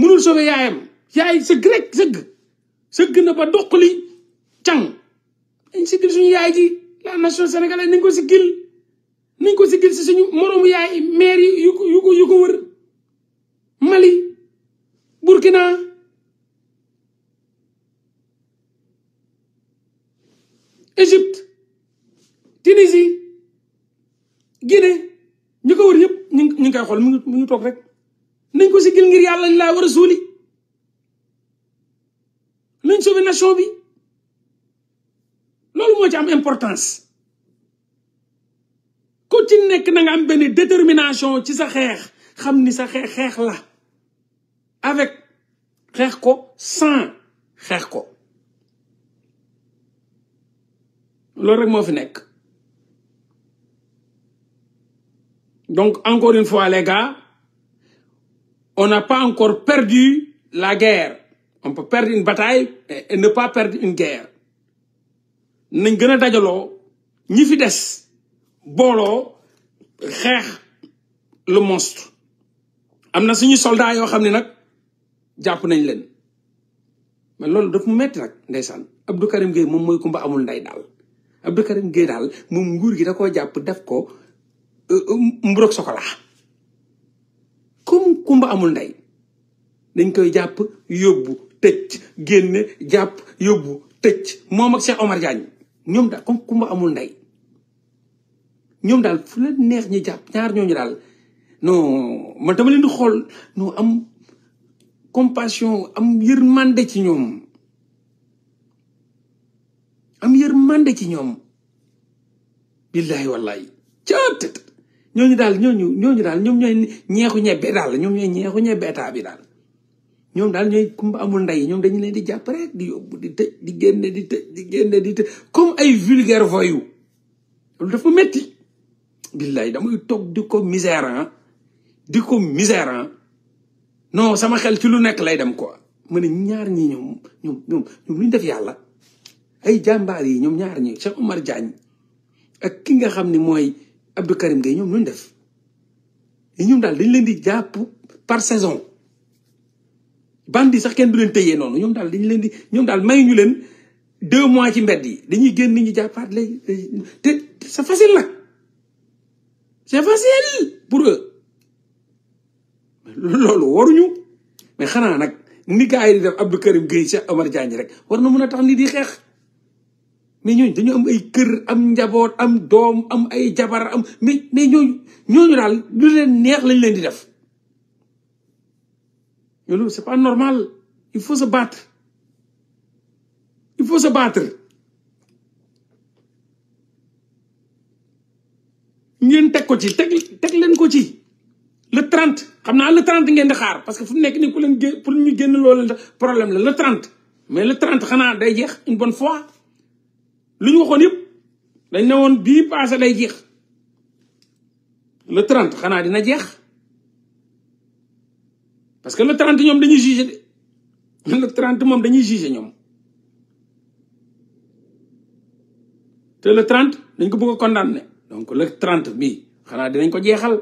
mënul sauver yaayam yaay sëgg rek sëgg sëgg na ba doqali càng dañ siggil suñu yaay ji la nation sénégalaise nañ ko siggil nañ ko siggil si suñu moroomu yaay maire yu ko yu ko ko wër Mali Burkina Égypte Tunisie Guinée ñu ko wër yëpp ñu ngi koy xool mu ngi toog rek nañ ko siggil ngir yàlla laa war a suuli nañ sauver nation bi loolu moo ci am importance ku ci nekk na nga am benn détermination ci sa xeex xam ni sa xeex xeex la avec xeex ko sans xeex ko loolu rek moo fi nekk donc encore une fois les on n'a pas encore perdu la guerre on peut perdre une bataille et ne pas perdre une guerre nañ gën a dajaloo ñi fi des booloo xeex lu monstre am na suñu soldat yoo xam ne nag jàpp nañ leen mais loolu daf mu metti nag ndeysaan Abdou Karim Gueye moom mooy kumba amul nday daal Abdou Karim Gueye daal moom nguur gi da koo jàpp def ko euh, euh, mburoog sokola kum kumba amul ndey dañ koy jàpp yóbbu tëj génne jàpp yóbbu tëj moom ak Cheikh Omar Diagne ñoom daal comme kumba amul ndey ñoom daal fu la neex ñi jàpp ñaar ñooñu daal non man dama leen di xool non am compassion am yërmande ci ñoom am yërmande ci ñoom billahi wallahi ñooñu daal ñooñu ñooñu daal ñoom ñooy ñeexu ñebbe daal ñoom ñooy ñeexu ñebbe taa bi daal ñoom daal ñooy kumba amul ndey ñoom dañu leen di jàpp rek di yóbbu di tëj di génne di tëj di génne di comme ay vulgaire voyou loolu dafa metti billaay damay toog di ko miseran ah. di ko misère ah. non sama xel ci lu nekk lay dem ko ma ne ñaar ñi ñoom ñoom ñoom def yàlla ay jàmbaar yi ñoom ñaar ñi Cheikh Omar ak ki nga xam ni mooy Abdou Karim Gueye ñoom lu ñu def ñoom daal dañ leen di jàpp par saison bandi sax kenn du leen tëyee noonu ñoom daal dañu leen di ñoom daal may ñu leen deux mois ci mbedd yi dañuy génn nit ñi jàppaat léegi te c'est facile nag c'est facile pour eux loolu waruñu mais xanaa nag ni gars yi di def Abdou Karim Gueye Cheikh Omar Diagne rek war na mun a tax nit di xeex mais ñooñu dañu am ay kër am njaboot am doom am ay jabar am mais mais ñooñu ñooñu daal lu leen neex lañ leen di def loolu c'est pas normal il faut sa battre il faut sa battre ngeen teg ko ci teg teg leen ko ci le 30 xam naa le 30 ngeen di xaar parce que fu nekk ni ku leen gé pour ñu génn loolu la problème la le 30 mais le 30 xanaa day jeex une bonne fois. lu ñu waxoon yëpp dañ ne woon bii passé day jeex le 30 xanaa dina jeex parce que le 30 ñoom dañuy jugé de le 30 moom dañuy jugé ñoom te le trent dañ ko bëgg a ne donc le 30 bii xanaa dinañ ko jeexal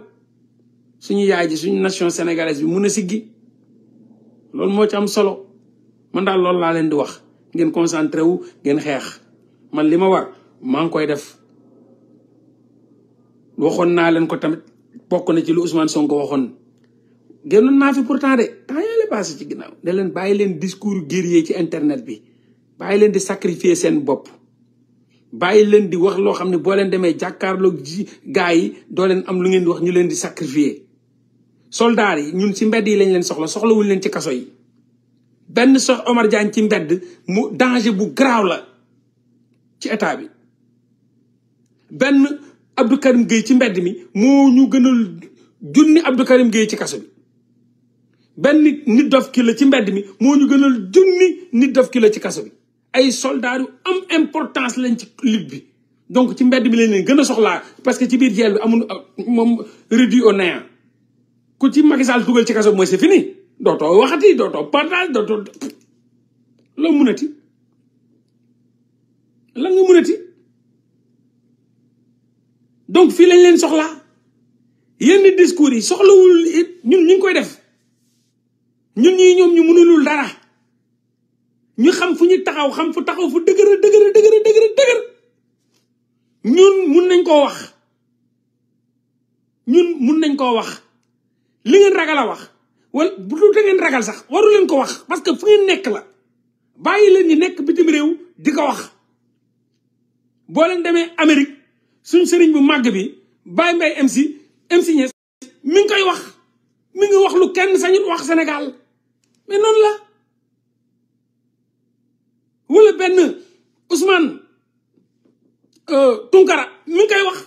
suñu yaay ji suñu nation sénégalaise bi mun a siggi loolu moo ci am solo man daal loolu laa leen di wax ngeen concentré wu ngeen xeex. man li ma war maa ngi koy def waxoon naa leen ko tamit bokk na ci lu Ousmane Sonko waxoon génnoon naa fi pourtant temps yële passé ci ginnaaw leen bàyyi leen discours guerrier ci internet bi bàyyi leen di sacrifier seen bopp bàyyi leen di wax loo xam ne boo leen demee jàkkaarloo ji gars yi doo leen am lu ngeen wax ñu leen di sacrifier soldaar yi ñun ci mbedd yi lañ leen soxla soxlawuñ leen ci kaso yi benn sox Omar Diagne ci mbedd mu danger bu garaaw la ci état bi benn Abdou Karim Gueye ci mbedd mi moo ñu gënal junni Abdou Karim Gueye ci kaso bi benn nit dof ki ci mbedd mi moo ñu gënal junni nit dof ki ci kaso bi ay soldats yu am importance lañ ci lutte bi donc ci mbedd mi lañ leen gën a soxlaa parce que ci biir jeel bi amul moom réduit au néant ku ci Macky Sall ci kaso bi mooy c'est fini dootoo waxati dootoo partage dootoo loo munati lan nga mënati donc fii lañ leen soxlaa yenn discours yi soxlawul it ñun ñu koy def ñun ñii ñoom ñu mënulul dara ñu xam fu ñu taxaw xam fu taxaw fu dëgër dëgër dëgër dëgër dëgër ñun mun nañ koo wax ñun mun nañ koo wax li ngeen ragal a wax wala bu te da ngeen ragal sax waru leen ko wax parce que fu ngeen nekk la bàyyi leen ñi nekk bitim réew di ko wax boo leen demee amerique suñ sëriñ bu màgg bi Baye Mbaye MC MC Niass mi ngi koy wax mi ngi wax lu kenn sañut wax Sénégal mais noonu la wala benn Ousmane euh, Tunkara mi ngi koy wax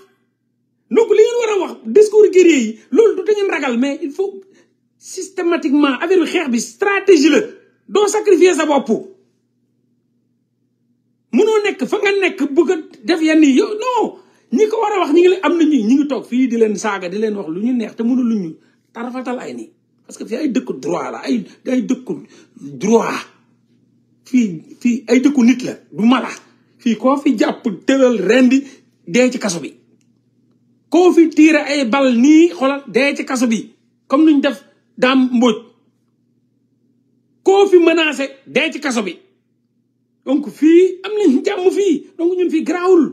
donc li ngeen war a wax discours guerrier yi loolu du da ngeen ragal mais il faut systématiquement affaire xeex bi stratégie la doo sacrifier sa bopp mënoo nekk fa nga nekk bëgg a def yenn yi yow non ñi ko war a wax ñi ngi leen am na ñi ñi ngi toog fii di leen saaga di leen wax lu ñu neex te mënu lu ñu tarafatal ay nii parce que fii ay dëkku droit la ay ay dëkku droit fii fii ay dëkku nit la du mala fii koo fi jàpp tëral rendi dee ci kaso bi koo fi tiire ay bal nii xoolal dee ci kaso bi comme lu ñu def daa mbóoj koo fi menacé dee ci kaso bi donc fii am nañ jàmm fii donc ñun fii garaawul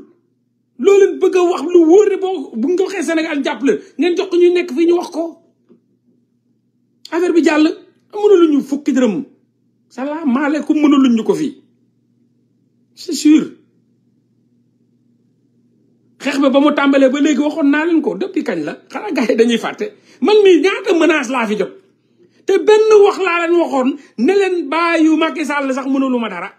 loo bëgg a wax lu wóor ne boo bu nga waxee Sénégal jàpp la ngeen jox ko ñu nekk fii ñu wax ko affaire bi jàll mënaluñ ñu fukki dërëm salaamaaleykum mënaluñ ñu ko fii c'est sûr xeex ba ba mu tàmbalee ba léegi waxoon naa leen ko depuis kañ la xanaa gars dañuy fàtte man mii ñaata menace laa fi jot te benn wax laa leen waxoon ne leen bàyyu Macky Sall sax mënalu ma dara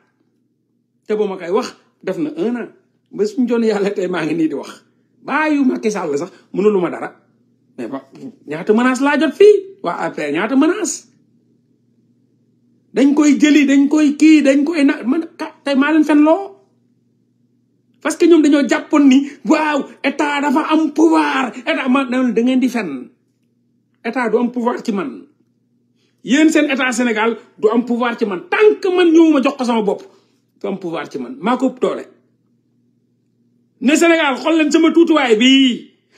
te bu ma koy wax def na un an ba suñ doon yàlla tey maa ngi nii di wax bàyyu Macky Sall sax mënulu ma dara mais ba ñaata menace laa jot fii waa après ñaata menace dañ koy jëli dañ koy kii dañ koy na man tey maa leen fen loo parce que ñoom dañoo jàppoon ni waaw état dafa am pouvoir état ma da di fen état du am pouvoir ci man yéen seen état Sénégal du am pouvoir ci man tant que man ñëwuma jox ko sama bopp du am pouvoir ci man maa ko doole ne Sénégal xool leen sama tuutiwaay bii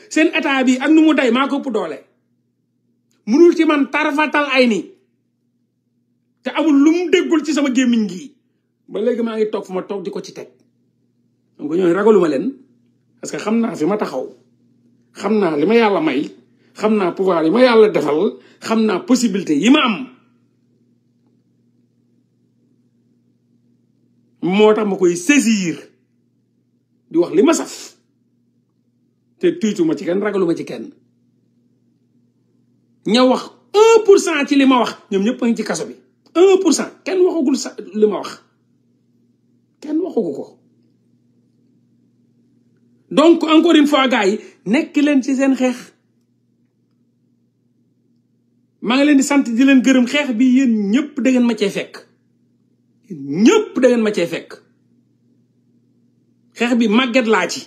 seen état bii ak nu mu day maa ko doole munul ci man tarfatal ay ni te amul lu mu déggul ci sama gémmiñ gi ba léegi maa ngi toog fu ma toog di ko ci teg donc ñooñu ragaluma leen parce que xam naa fi ma taxaw xam naa li ma yàlla may xam naa pouvoir yi ma yàlla defal xam naa possibilité yi ma am moo tax ma koy saisir di wax li ma saf te tiituma ci kenn ragaluma ci kenn ña wax un pour cent ci li ma wax ñoom ñëpp a ngi ci kaso bi un pour cent kenn waxagul sa li ma wax kenn waxagu ko donc encore une fois gars yi nekk leen ci seen xeex maa ngi leen di sant di leen gërëm xeex bi yéen ñëpp da ngeen ma cee fekk ñépp da ma cee fekk xeex bi màgget laa ci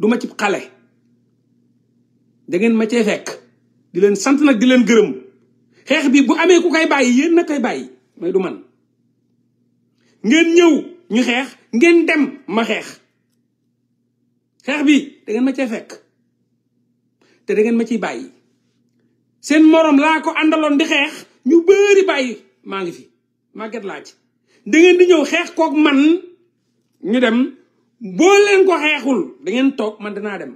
du ma ci xale dangeen ma cee fekk di leen sant nag di leen gërëm xeex bi bu amee ku koy bàyyi yéen na koy bàyyi mais du man ngeen ñëw ñu xeex ngeen dem ma xeex xeex bi dangeen ma cee fekk te dangeen ma ciy bàyyi seen morom laa ko àndaloon di xeex ñu bëri bàyyi maa ngi fi màgget laa ci da ngeen di ñëw xeex kook man ñu dem boo leen ko xeexul dangeen toog man danaa dem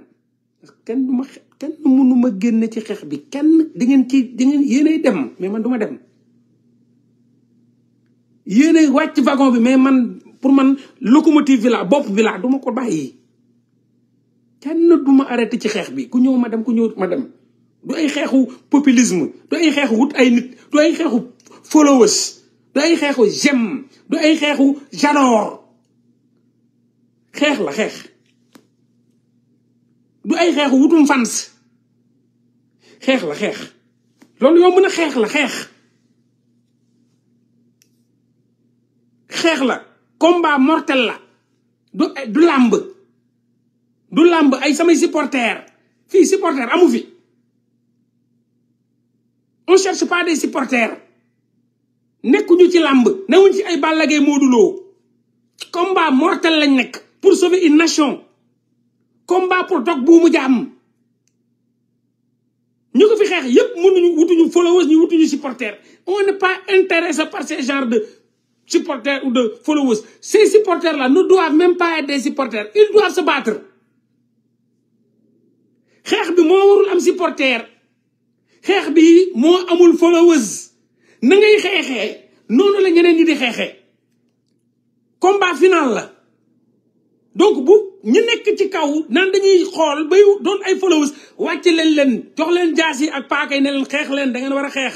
kenn du ma kenn mënu ma génne ci xeex bi kenn da ngeen ci da ngeen yéenay dem mais man du ma dem yéenay wàcc wagon bi mais man pour man locomotive bi laa bopp bi laa du ma ko bàyyi kenn du ma arrêté ci xeex bi ku ñëw ma dem ku ñëw ma dem du ay xeexu populisme du ay xeexu wut ay nit du ay xeexu followers du ay xeexu j'aime du ay xeexu janor xeex la xeex du ay xeexu wutum fans xeex la xeex loolu yow mën xeex la xeex xeex la combat mortel la du du làmb du làmb ay samay supporter fii supporter amu fi on cherche pas des supporters nekkuñu ci làmb newuñ ci ay Balla Gaye Modou Lo combat mortel lañ nekk pour sauver une nation combat pour dog buumu jàmm ñu ko fi xeex yépp mënuñu wutuñu followers ñu wutuñu supporters on n'est pas intéressé par ce genre de supporters ou de followers ces supporters là ne doivent même pas être des supporters ils doivent se battre xeex bi moo warul am supporter xeex bi moo amul followers na ngay xeexee noonu la ñeneen ñi di xeexee combat final la donc bu ñu nekk ci kaw nan dañuy xool bay doon ay followers wàcc leen leen jox leen jaas yi ak paaka yi ne leen xeex leen da ngeen war a xeex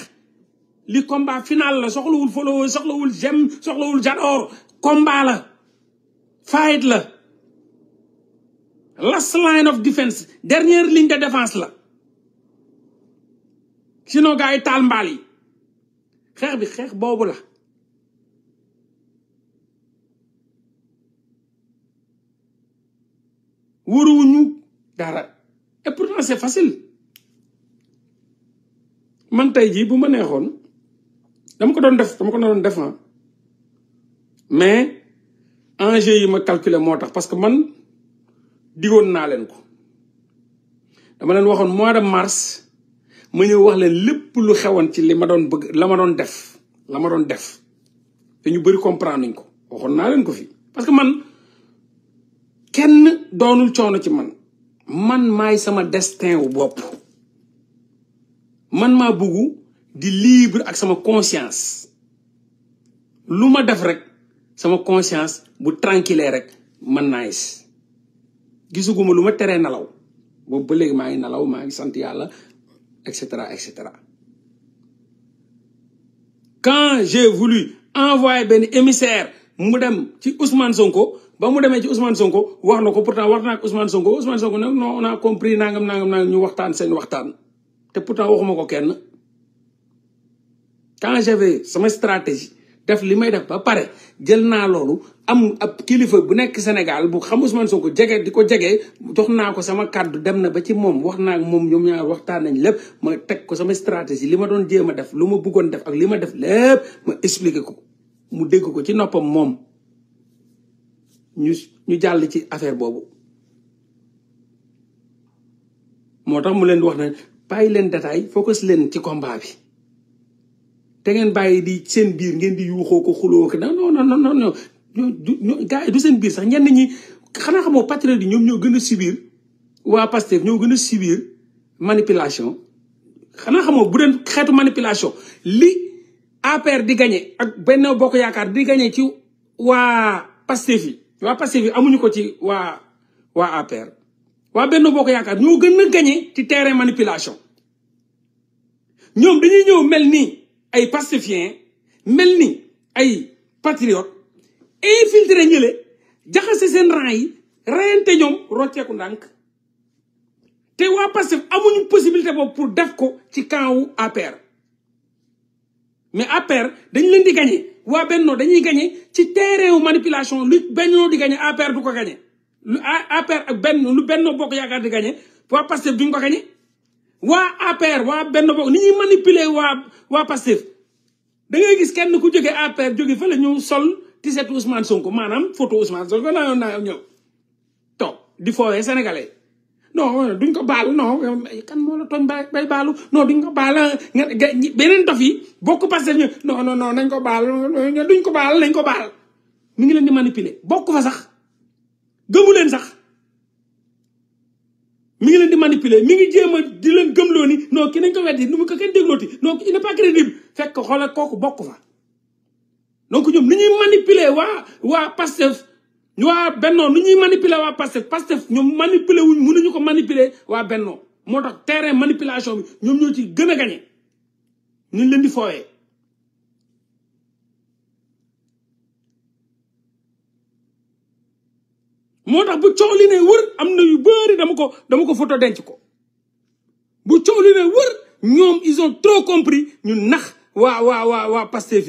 li combat final la soxlawul followers soxlawul gem soxlawul janoor combat la fight la last line of defense dernière ligne de défense la sinon gars yi taal mbaal yi xeex bi xeex boobu la waruñu dara et pourtant c'est facile man tey jii bu ma neexoon dama ko doon def dama ko doon def ah. mais enjeu yi ma calculer moo tax parce que man digoon naa leen ko dama leen waxoon mois de mars ma ñëw wax leen lépp lu xewoon ci li ma doon bëgg la ma doon def la ma doon def te ñu bëri comprendre nañ ko waxoon naa leen ko fii parce que man kenn doonul coono ci man man maay sama destin wu bopp man maa bëggu di libre ak sama conscience lu ma def rek sama conscience bu tranquille rek man naa gis gisuguma lu ma teree nelaw boobu ba léegi maa ngi nelaw maa ngi sant yàlla etc., etc. Quand j'ai voulu envoyer benn émissaire mu dem ci Ousmane Sonko ba mu demee ci Ousmane Sonko wax na ko pourtant war naa ak Ousmane Sonko Ousmane Sonko nag non on a compris nangam nangam nangam ñu waxtaan seen waxtaan te pourtant waxuma ko kenn quand j'avais sama stratégie def li may def ba pare jël naa loolu am ab kilifa bu nekk Sénégal bu xam Ousmane Sonko jege di ko jege jox naa ko sama kàddu dem na ba ci moom wax naa moom ñoom ñaar waxtaan nañ lépp ma teg ko sama stratégie li ma doon jéem a def lu ma buggoon def ak li ma def lépp ma expliqué ko mu dégg ko ci noppam moom ñu ñu jàll ci affaire boobu moo tax mu leen wax ne bàyyi leen détail si leen ci combat bi te ngeen bàyyi di seen biir ngeen di yuuxoo ko xuloo ko non non non non non gars yi du seen biir sax ñenn ñi xanaa xamoo patriote yi ñoom ñoo gën a subir waa Pastef ñoo gën a subir manipulation. xanaa xamoo bu dee xeetu manipulation li APR di gagné ak Benno Bokk Yaakaar di gagné ci waa Pastef yi waa Pastef yi amuñu ko ci waa waa APR. waa Benno Bokk Yaakaar ñoo gën a gagné ci terrain manipulation ñoom dañuy ñëw mel nii. ay pacifiens mel ni ay patriotes infiltré ñële jaxase seen rang yi reyante ñoom rocceeku ndànk te waa Pastef amuñu possibilité boobu pour def ko ci camp wu mais APR dañu leen di gagné waa Benno dañuy gagné ci terrain wu manipulation lu Benno di gagné APR du ko gagné lu APR ak benn lu Benno bokk yaakaar di gagné waa Pastef duñ ko gagné. waa APR waa benn bokk ni ñuy manipuler waa waa Pastef da ngay gis kenn ku jóge APR jóge fa la ñu sol tiset Ousmane Sonko maanaam photo Ousmane Sonko la yoon naa ñëw toog di foowee sénégalais non duñ ko baal non kan moo la tooñ bay bay baalu non duñ ko baal beneen dof yi bokk Pastef ñu non non nañ ko baal duñ ko baal nañ ko baal mu ngi leen di manipuler bokk fa sax gëmu leen sax manipuler mi ngi jéem a di leen gëmloo ni non ki nañ ko weddi nu mu ko kenn déglooti non il n'est pas crédible fekk xoolal kooku bokk fa donc ñoom nu ñuy manipuler waa waa Pastef ñu waa bennoo nu ñuy manipuler waa Pastef Pastef ñoom manipuler wuñ mënuñu ko manipuler waa bennoo moo tax terrain manipulation bi ñoom ñoo ci gën a gañe ñu leen di fooyee moo tax bu coow li ne wër am na yu bëri dama ko dama ko photo denc ko bu coow li ne wër ñoom ils ñu nax waa waa waa waa Pastef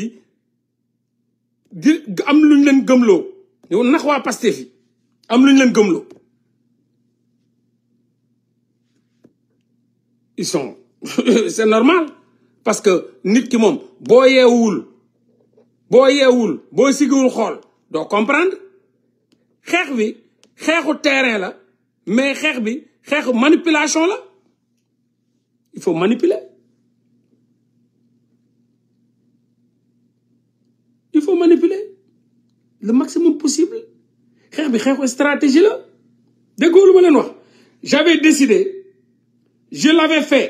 di am lu ñu leen gëmloo ñu nax waa Pastef am lu leen gëmloo ils c'est normal parce que nit ki moom boo yeewul boo yeewul boo sigiwul xool doo comprendre xeex wi xeexu terrain la mais xeex bi xeexu manipulation la il faut manipuler il faut manipuler le maximum possible xeex bi xeexu stratégie la déggoo lu ma leen wax j'avais décidé je l'avais fait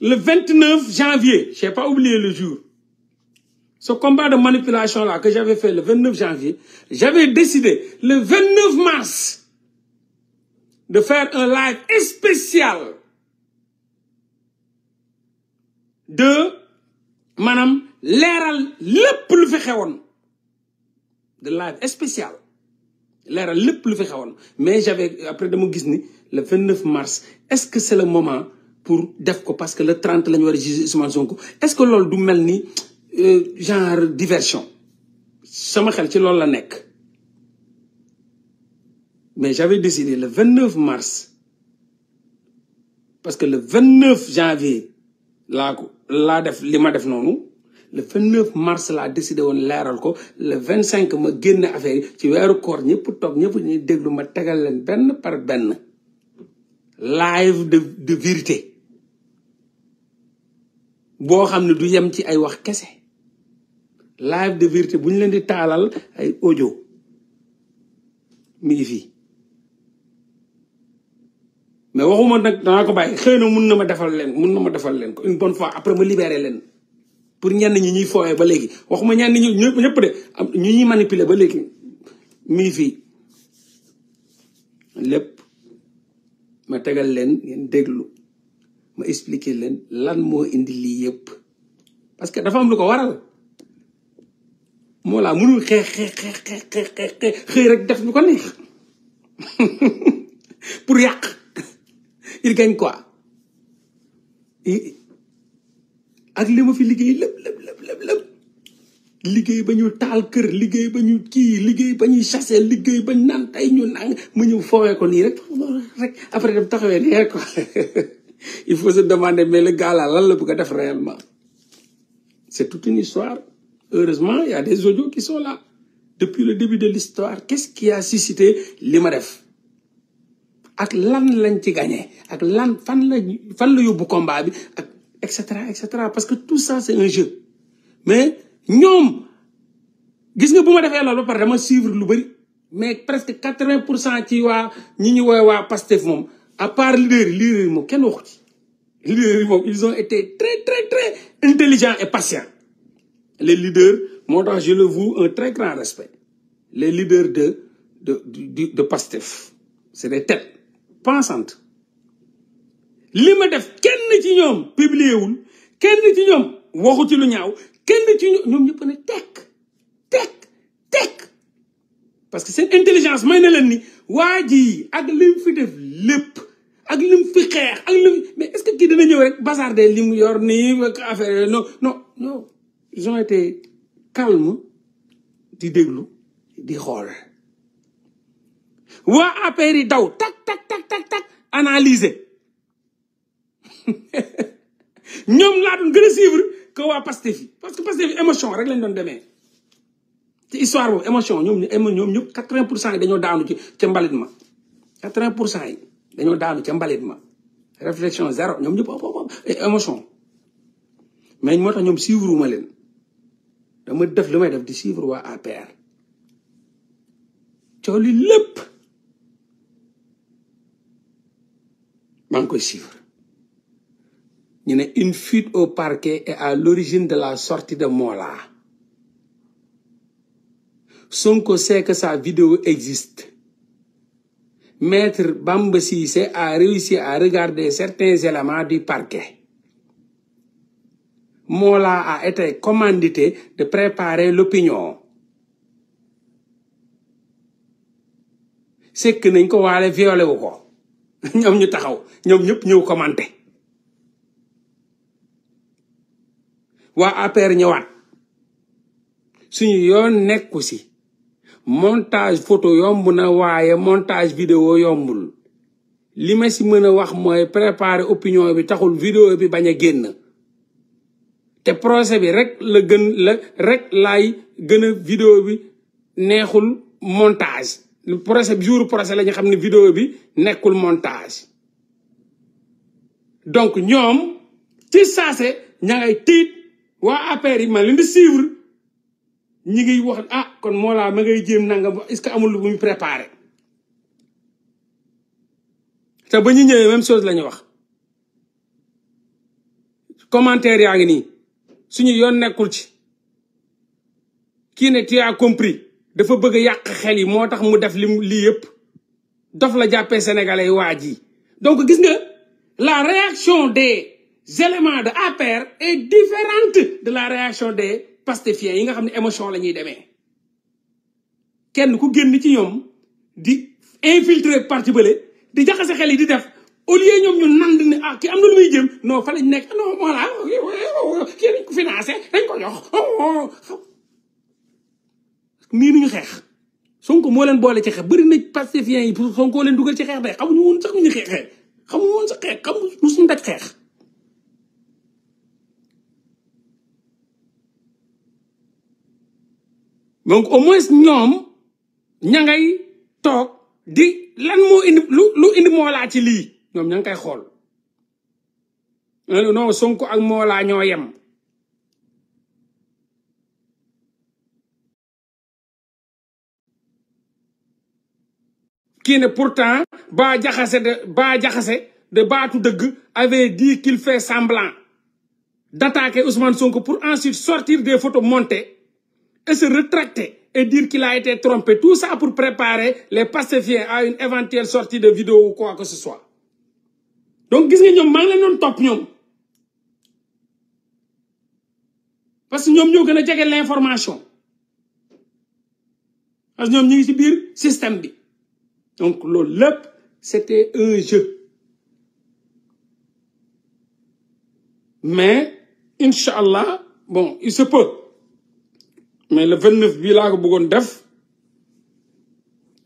le 29 janvier j'ai pas oublié le jour ce combat de manipulation là que j'avais fait le 29 janvier j'avais décidé le 29 mars de faire un live spécial de maanaam leeral lépp lu fi xewoon de live spécial leeral lépp lu fi xewoon mais j'avais après dama gis ni le 29 mars est-ce que c'est le moment pour def ko parce que le 30 la ñu war a juger Ousmane Sonko est-ce que loolu du mel ni Euh, genre diversion sama xel ci loolu la nekk mais j'avais décidé la vingt neuf mars parce que le vingt neuf janvier laa ko laa def li ma def noonu le vingt neuf mars laa décidé woon leeral ko le vingt cinq ma génn affaire yi ci weeru koor ñëpp toog ñëpp ñuy déglu ma tegal leen benn par benn live de de vérité boo xam ne du yem ci ay wax kese live de vérité bu ñu leen di taalal ay audio mi ngi fii mais waxuma nag danaa ko bàyyi xëy na mun na ma defal leen mun na ma defal leen ko une bonne fois après ma libéré leen pour ñenn ñi ñuy fooyee ba léegi waxuma ñenn ñi ñëpp ñëpp de am ñu ñuy manipuler ba léegi mii fii lépp ma tegal leen ngeen déglu ma expliquer leen lan moo indi lii yëpp parce que dafa am lu ko waral. moo laa mënul xeex xeex xeex xeex xëy rek def lu ko neex pour yàq il gagne quoi ak li ma fi liggéey lépp lépp lépp liggéey ba ñu taal kër liggéey ba ñu kii liggéey ba ñuy chassé liggéey ba naan tey ñu nang mu ñëw foowee ko nii rek rek après dem taxawee nii rek quoi il faut se demander mais le gars lan la bugg a def réellement c'est toute une histoire heureusement il y a des audios qui sont là depuis le début de l'histoire qu'est-ce qui a suscité li ma def ak lan lañ ci gagné ak lan fan la fan la yóbbu combat bi ak et cetera et cetera parce que tout ça c'est un jeu mais ñoom gis nga bu ma defee loolu ba pare dama suivre lu bëri mais presque quatre-vingt pour cent ci waa ñi ñu woowee waa Pastef moom à part leader li leader yi moom kenn waxu ci leader yi moom ils ont été très très très intelligents et patients les leaders moo tax je le voue un très grand respect les leaders de de de de Pastef c'est des têtes pensantes li ma def kenn ci ñoom publié wul kenn ci ñoom waxu ci lu ñaaw kenn ci ñoom ñëpp ne tekk tekk parce que seen intelligence may na leen ni waa ji ak lim fi def lépp ak lim fi xeex ak lim mais est que kii dana ñëw rek bazarder li mu yor nii affaire non non ils ont été calmes di déglu di xool waa affaire yi daw tak tak tak tak tak analyser ñoom laa doon gën a suivre waa Pastef yi parce que Pastef yi émotion rek lañ doon demee ci histoire boobu émotion ñoom ñoom ñëpp quatre-vingt pour cent yi daanu ci ca mbalit ma quatre pour cent yi dañoo daanu ca mbalit ma réflexion zéro ñoom ñëpp émotion mais moo tax ñoom suivre ma leen dama def lu may def di suivre waa APR coow li lépp maa koy suivre ñu ne une fuite au parquet et à l'origine de la sorti de Mollah Sonko sait que sa vidéo existe Maître Bamba Cissé a réussi à regarder certains éléments du parquet Mola a été commandité de préparer l'opinion sekk nañ ko waale violé wu ko ñoom ñu taxaw ñoom ñëpp ñëw commenté waa APR ñëwaat suñu yoon nekku si montage photo yomb na waaye montage vidéo yombul li ma si mën a wax mooy préparer opinion bi taxul vidéo bi bañ a génn te procès bi rek la gën la rek lay gën a vidéo bi neexul montage procès bi jour procès la ñu xam ne vidéo bi nekkul montage donc ñoom ci saase ña ngay tiit waa APR yi ma leen di suivre ñi ngi wax ah kon moo laa ma ngay jéem nangam est-ce que amul lu muy préparé te ba ñu ñëwee même chose la ñu wax commentaire yaa ngi nii suñu yoon nekkul ci kii ne tu as compris dafa bëgg a yàq xel yi moo tax mu def li lii yëpp dof la jàppee sénégalais waa ji donc gis nga la réaction des éléments de APR est différente de la réaction des pastefiens yi nga xam ne émotion la ñuy demee kenn ku génn ci ñoom di infiltrer parti bële di jaxase xel yi di def au lieu ñoom ñu nand ne ah kii am na lu muy jëm non fa lañ nekk non voilà kii dañ ko financé dañ ko jox nii oh, oh, oh. ni ñu xeex Sonko moo leen boole ci xeex bëri na pacifiens yi Sonko leen dugal ci xeex day xamuñu woon sax ñu xeexee xamuñu woon sax xeex xamuñu musuñu daj xeex donc au moins ñoom ña ngay toog di lan moo indi lu lu indi moo laa ci lii ñoom ña koy xool non Sonko ak Mollah ñoo yem kii ne pourtant Bah Diakhaté de Bah Diakhaté de Baatu Dëgg avait dit qu'il fait semblant d'attaquer Ousmane Sonko pour ensuite sortir des photos montées et se rétracter et dire qu'il a été trompé. Tout ça pour préparer les pacifiens à une éventuelle sortie de vidéo ou quoi que ce soit. donc gis nga ñoom maa ngi leen doon topp ñoom parce que ñoom ñoo gën jege l'information parce ñu ngi ci biir système bi donc loolu lépp c'était un jeu mais incha allah bon il se peut mais le vingt neuf bii laa ko bëggoon def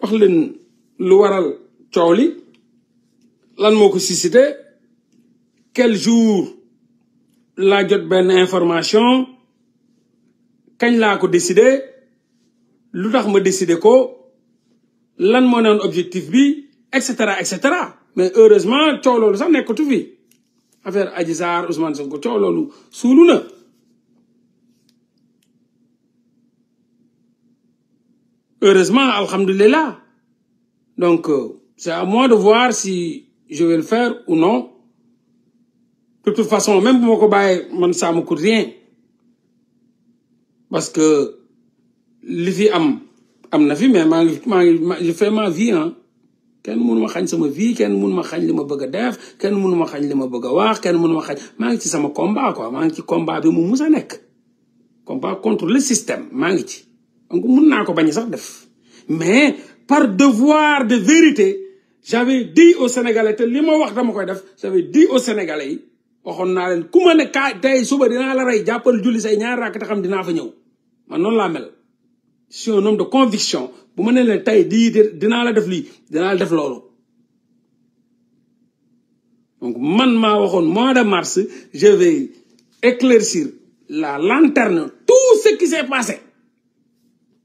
wax leen lu waral coow li lan moo ko suscité quel jour laa jot benn information kañ laa ko décidé lu tax ma décidé ko lan moo neen objectif bi et cetera et cetera mais heureusement coow loolu sax nekkatu fi affaire Adji Sarr Ousmane Sonko coow loolu suulu na heureusement alhamdulilah donc euh, c'est à moi de voir si je vais le faire ou non de toute façon même bu ma ko bàyyee man saama me coûte rien parce que li fi am am na fi mais maa ngi maa ngi je fais ma vie ah kenn mënu ma xañ sama vie kenn munuma xañ li ma bëgg a def kenn mënu xañ li ma bëgg a wax kenn mënu ma xañ maa ngi ci sama combat quoi maa ngi ci combat bi mu mus nekk combat contre le système maa ngi ci donc mun naa ko bañ sax def mais par devoir de vérité j'avais dit aux Sénégalais te li ma wax dama koy def j'avais dit au Sénégalais yi waxoon naa leen ku ma ne kaay tey suba dinaa la rey jàppal julli say ñaari rakk te xam dinaa fa ñëw man noonu laa mel je suis un de conviction bu ma ne leen tey di dinaa la def lii dinaa la def loolu donc man maa waxoon mois de mars je vais éclaircir la lanterne tout ce qui s'est passé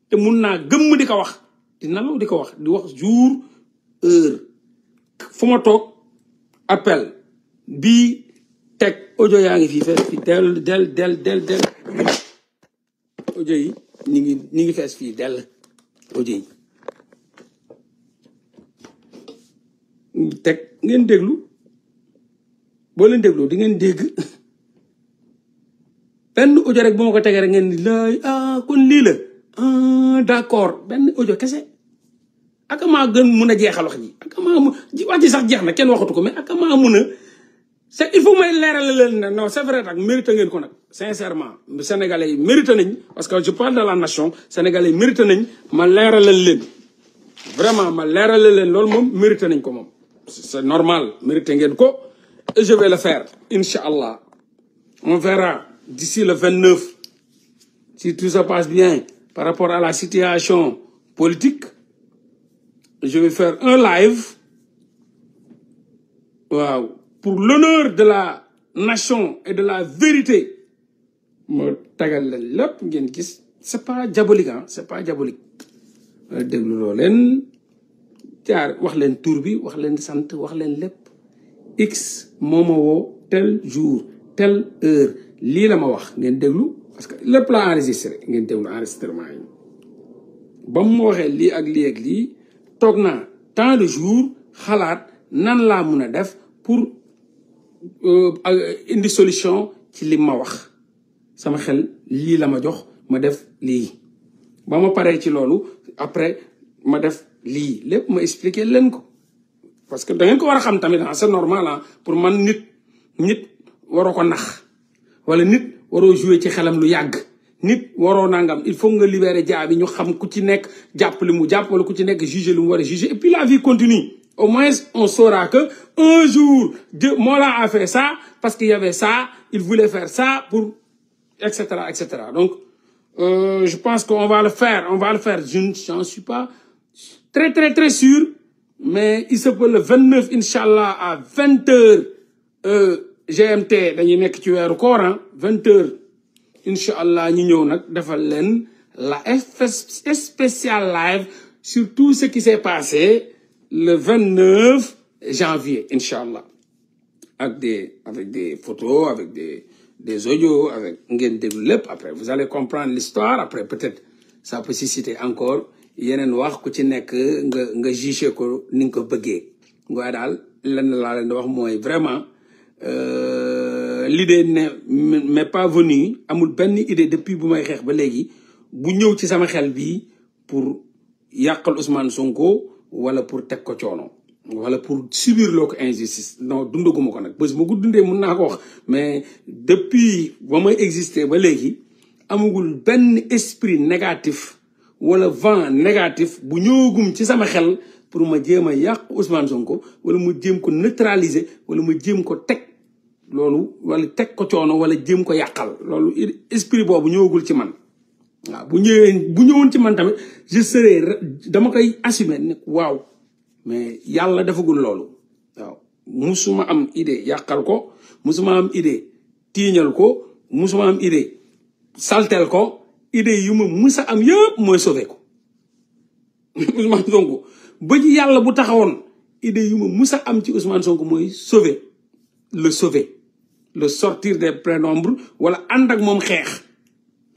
te mun naa gëmm di ko wax di nalaw di ko wax di wax jour heure fu ma toog appel bi teg ojo yaa ngi fii fees fii del del del del del yi ñu ngi ñu ngi fees fii del ojo yi teg ngeen déglu boo leen déglu di ngeen dégg benn ojo rek bu ma ko tegee rek ngeen di laay ah, kon lii la ah d'accord benn ojo kese ak maa gën mun a jeexal wax ji ak maa wax ji sax jeex na kenn waxatu ko mais ak maa mun a c'est il faut may leeralal leen ne non c'est vrai nag mérité ngeen ko nag sincèrement sénégalais yi mérité nañ parce que je parle la nation sénégalais yi mérité nañ ma leeralal leen vraiment ma leeralal leen loolu moom mérité nañ ko moom c'est normal mérité ngeen ko et je vais le faire incha allah on verra d'ici le 29 si tout se passe bien par rapport à la situation politique je vais faire un live waaw pour l'honneur de la nation et de la vérité ma tagal leen lépp ngeen gis c'est pas diabolique ah c'est pas diabolique euh, déglu loo jaar wax leen tur bi wax leen sant wax leen lépp x moo tel jour telle heure lii la ma wax ngeen déglu parce que lépp laa enregistré ngeen déglu enregistrement yi ba mu waxee lii ak lii ak toog naa temps de jour xalaat nan laa mun a def pour euh, indi solution ci lim ma wax sama xel lii la ma jox ma def lii ba ma paree ci loolu après ma def lii lépp ma expliquer leen ko parce que da ko war a xam tamit ah c'est normal ah, pour man nit nit waroo ko nax wala nit waroo jouer ci xelam lu yàgg nit waroo nangam il faut nga libere jaa bi ñu xam ku ci nekk jàpp li mu jàpp wala ku ci nekk juger li mu war a juger et puis la vie continue au moins on saura que un jour Dieu Mollah a fait ça parce qu'il y avait ça il voulait faire ça pour et cetera et cetera donc euh, je pense qu'on va le faire on va le faire je n'en suis pas très très très sûr mais il se peut le 29 incha allah à 20 heures euh, GMT dañuy nekk ci weeru koor 20 incha allah ñu ñëw nag defal leen la spécial live surtout ce qui s'est passé le 29 janvier incha allah ak des avec des photos avec des des audios avec ngeen déglu lépp après vous allez comprendre l'histoire après peut-être ça peut susciter encore yeneen wax ku ci nekk nga nga jugé ko ni nga ko bëggee waaye daal lenn laa leen wax mooy vraiment. Euh, l'idée ne mais pas yi amul benn idée depuis bu may xeex ba léegi bu ñëw ci sama xel bii pour yàqal Ousmane Sonko wala pour teg ko coono wala pour subir loo ko injustice non dundaguma ko nag bés ma ko dundee mun naa ko wax mais depuis ba may existe ba léegi amagul benn esprit négatif wala vent négatif bu ñëwagum ci sama xel pour ma jéem a yàq Ousmane Sonko wala ma jéem ko neutraliser wala ma jéem ko teg loolu wala teg ko coono wala jéem ko yàqal loolu esprit boobu ñëwagul ci man waaw bu ñëwee bu ñëwoon ci man tamit je serai dama koy assumer ne waaw mais yàlla defagul loolu waaw musuma am idée yàqal ko musuma am idée tiiñal ko musuma am idée saltel ko idée yu ma musa am yëpp mooy sauvé ko Ousmane Sonko ba yàlla bu taxawoon idée yu ma musa am ci Ousmane Sonko mooy sauvé le sauvé le sortir des prénombres wala ànd ak moom xeex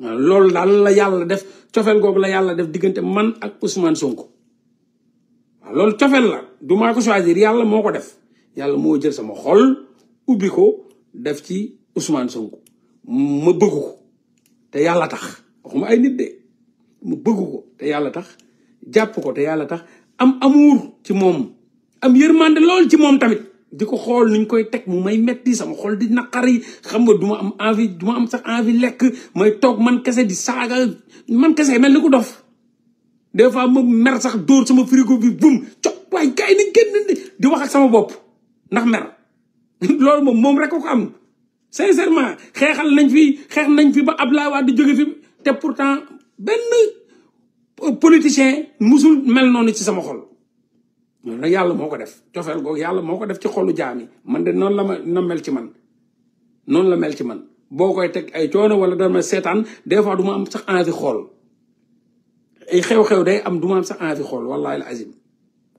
loolu daal la yàlla def cofeel googu la yàlla def diggante man ak Ousmane Sonko waaw loolu cofeel la du maa ko choisir yàlla moo ko def yàlla moo jël sama xol ubbi ko def ci Ousmane Sonko ma bëgg ko te yàlla tax waxuma ay nit de ma bëgg ko te yàlla tax jàpp ko te yàlla tax am amour ci moom am yërmande lool ci moom tamit di ko xool nuñ koy teg mu may metti sama xol di naqari xam nga du ma am envie du ma am sax envi lekk may toog man kese di saaga man kese mel ni ku dof des fois ma mer sax dóor sama frigo bi bum cop waaye gars yi génn di wax ak sama bopp ndax mer loolu moom moom rek ko am sincèrement xeexal nañ fi xeex nañ fi ba Abdoulaye Wade di jóge fi te pourtant benn euh, politicien musul mel noonu si sama xol loolu nag yàlla moo ko def cofeel googu yàlla moo ko def ci xolu jaam yi man de noon la ma na mel ci man noonu la mel ci man boo koy teg ay coono wala dama seetaan des fois du am sax envie xool ay xew-xew day am duma am sax envie xool wallahi la azim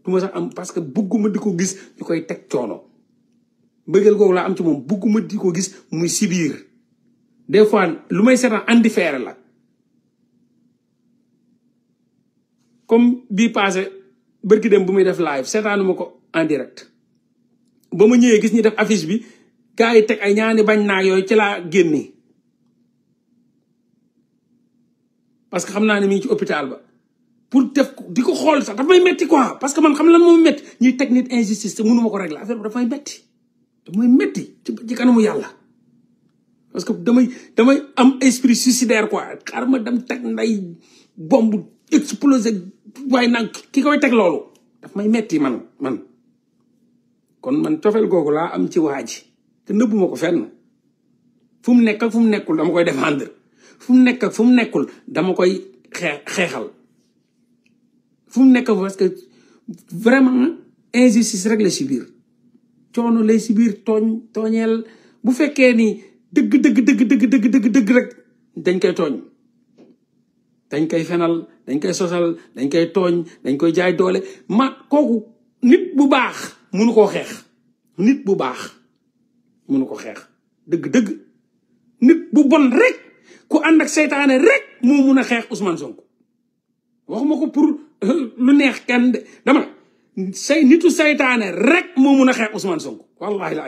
du ma sax am parce que bugguma di ko gis ñu koy teg coono bëggal googu am ci moom bugguma di ko gis muy sibiir des fois lu may seetaan indi feere la comme bii passé bërki dem bu muy def live seetaanuma ko en direct ba ma ñëwee gis ñu def affiche bi gars yi teg ay ñaani bañ naa yooyu ci laa génne parce que xam naa ne mi ngi ci hôpital ba pour def di ko xool sax dafa may metti quoi parce que man xam lan moo metti ñuy teg nit injustice te mënuma ko régler affaire bi dafa may metti dafa may metti ci kanamu yàlla parce que damay damay am esprit suicidaire quoi xar ma dem teg nday bomb exploser waaye nan ki koy teg loolu daf may metti man man kon man cofeel googu laa am ci waa ji te nëbbuma ko fenn fu mu nekk fu mu nekkul dama koy défendre fu mu nekk ak fu mu nekkul dama koy xeexal fu mu nekk parce que vraiment injustice rek la si biir coono lay si biir tooñ tooñeel bu fekkee ni dëgg dëgg dëgg dëgg dëgg dëgg dëgg rek dañ koy tooñ dañ koy fenal dañ koy sosal dañ koy tooñ dañ koy jaay doole ma kooku nit bu baax munu koo xeex nit bu baax munu ko xeex dëgg-dëgg nit bu bon rek ku ànd ak seytaane rek moo mun a xeex usman Sonko waxuma ko pour euh, lu neex kenn nitu seytaane rek moo mun a xeex Ousmane Sonko wallahi la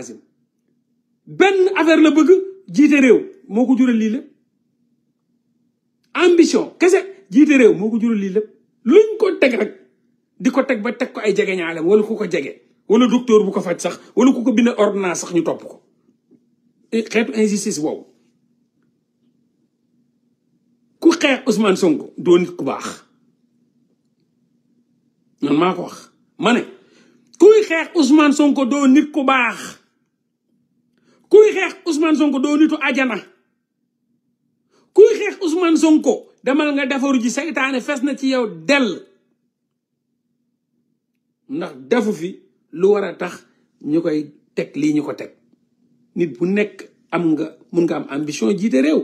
benn affaire la bëgg jiite réew moo ko jural lii la ambition kese jiite réew moo ko jural lii lépp luñ ko teg rek di ko teg ba teg ko ay jegeñaaleem wala ku ko jege wala docteur bu ko faj sax wala ku ko bind ordonnance sax ñu topp ko eh, xeetu injustice boobu ku xeex Ousmane Sonko doo nit ku baax man maa ko wax ma ne kuy xeex Ousmane Sonko doo nit ku baax kuy xeex Ousmane Sonko doo nitu ajana kuy xeex Ousmane Sonko demal nga defaru ji seytaane fes na ci yow dell ndax defu fi lu war a tax ñu koy teg lii ñu ko teg nit bu nekk am nga mun nga am ambition jiite réew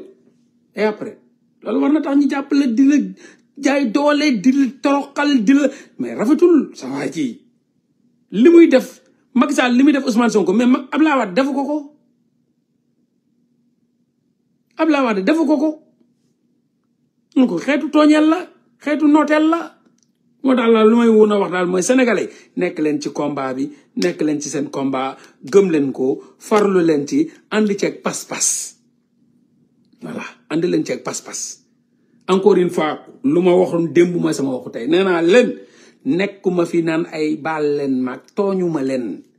et après loolu war na tax ñu jàppale di la jaay doole di la toroxal mais rafetul sa waa ji li muy def Macky Sall li muy def Ousmane Sonko mais Abdoulaye Wade defu ko ko Abdoulaye Wade defu ko ko ñu ko xeetu tooñeel la xeetu nooteel la moo tax la lu may woon a wax daal mooy sénégalais nekk leen ci combat bi nekk leen ci seen combat gëm leen ko farlu leen ci ànd ceeg pas-pas voilà ànd leen ceeg pas-pas encore une fois lu ma waxoon démb mooy sama waxu tey nee naa leen nekkuma fi naan ay baal leen mag tooñuma leen